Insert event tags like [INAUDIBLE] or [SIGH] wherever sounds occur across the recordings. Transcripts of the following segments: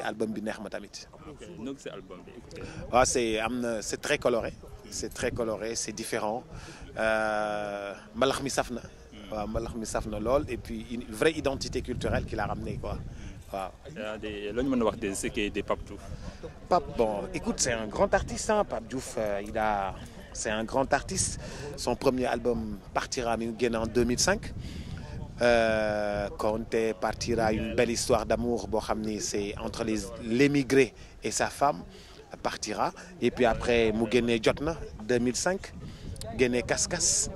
puis album bi neex ma tamit. waaw c'est am na c'est très coloré. c'est très coloré c'est différent euh, mbalax mi saf na. Hmm. waaw mbalax mi saf na lool et puis une vraie identité culturelle qu'il a ramené quoi hmm. waaw. la ñu mën a wax de ce qui est de Pape Diouf. Pape bon écoute c'est un grand artiste ah Pape Diouf euh, il a c'est un grand artiste son premier album Partira mi ngi génn en 2005. Euh, Conte partira une belle histoire d'amour boo xam ni c'est entre les l'émigré et sa femme partira et puis après mu génnee jot na 2005 génnee Kaskas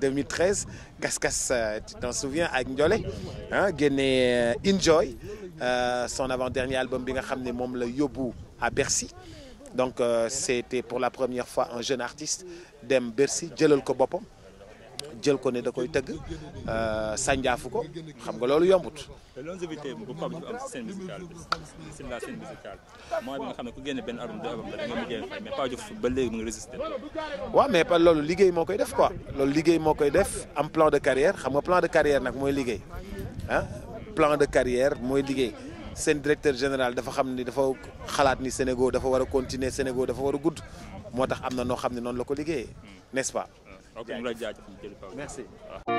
2013 [LAUGHS] Kaskas euh, tu t'en souviens ak Ndiolé ah génnee euh, Enjoy son avant-dernier album bi nga xam ne moom la yóbbu à Bercy donc c'était pour la première fois un jeune artiste dem Bercy jëlal ko boppam. jël ko ne da koy tëgg euh, sànjaafu ko xam nga loolu yombut. longévité bu bi ci la scène musicale mooy bi nga xam ne benn album deux album la nga mujjee fay mais Pape loolu liggéey moo koy def quoi loolu liggéey moo koy def am plan de carrière xam nga plan de carrière nag mooy liggéey ah plan de carrière mooy liggéey. seen directeur général dafa xam ni dafa xalaat ni Sénégal dafa war a continuer Sénégal dafa war a gudd moo tax am na noo xam ne noonu la ko liggéeyee n'est-ce pas ok ñu ngi lay jaajëf jërëjëf merci.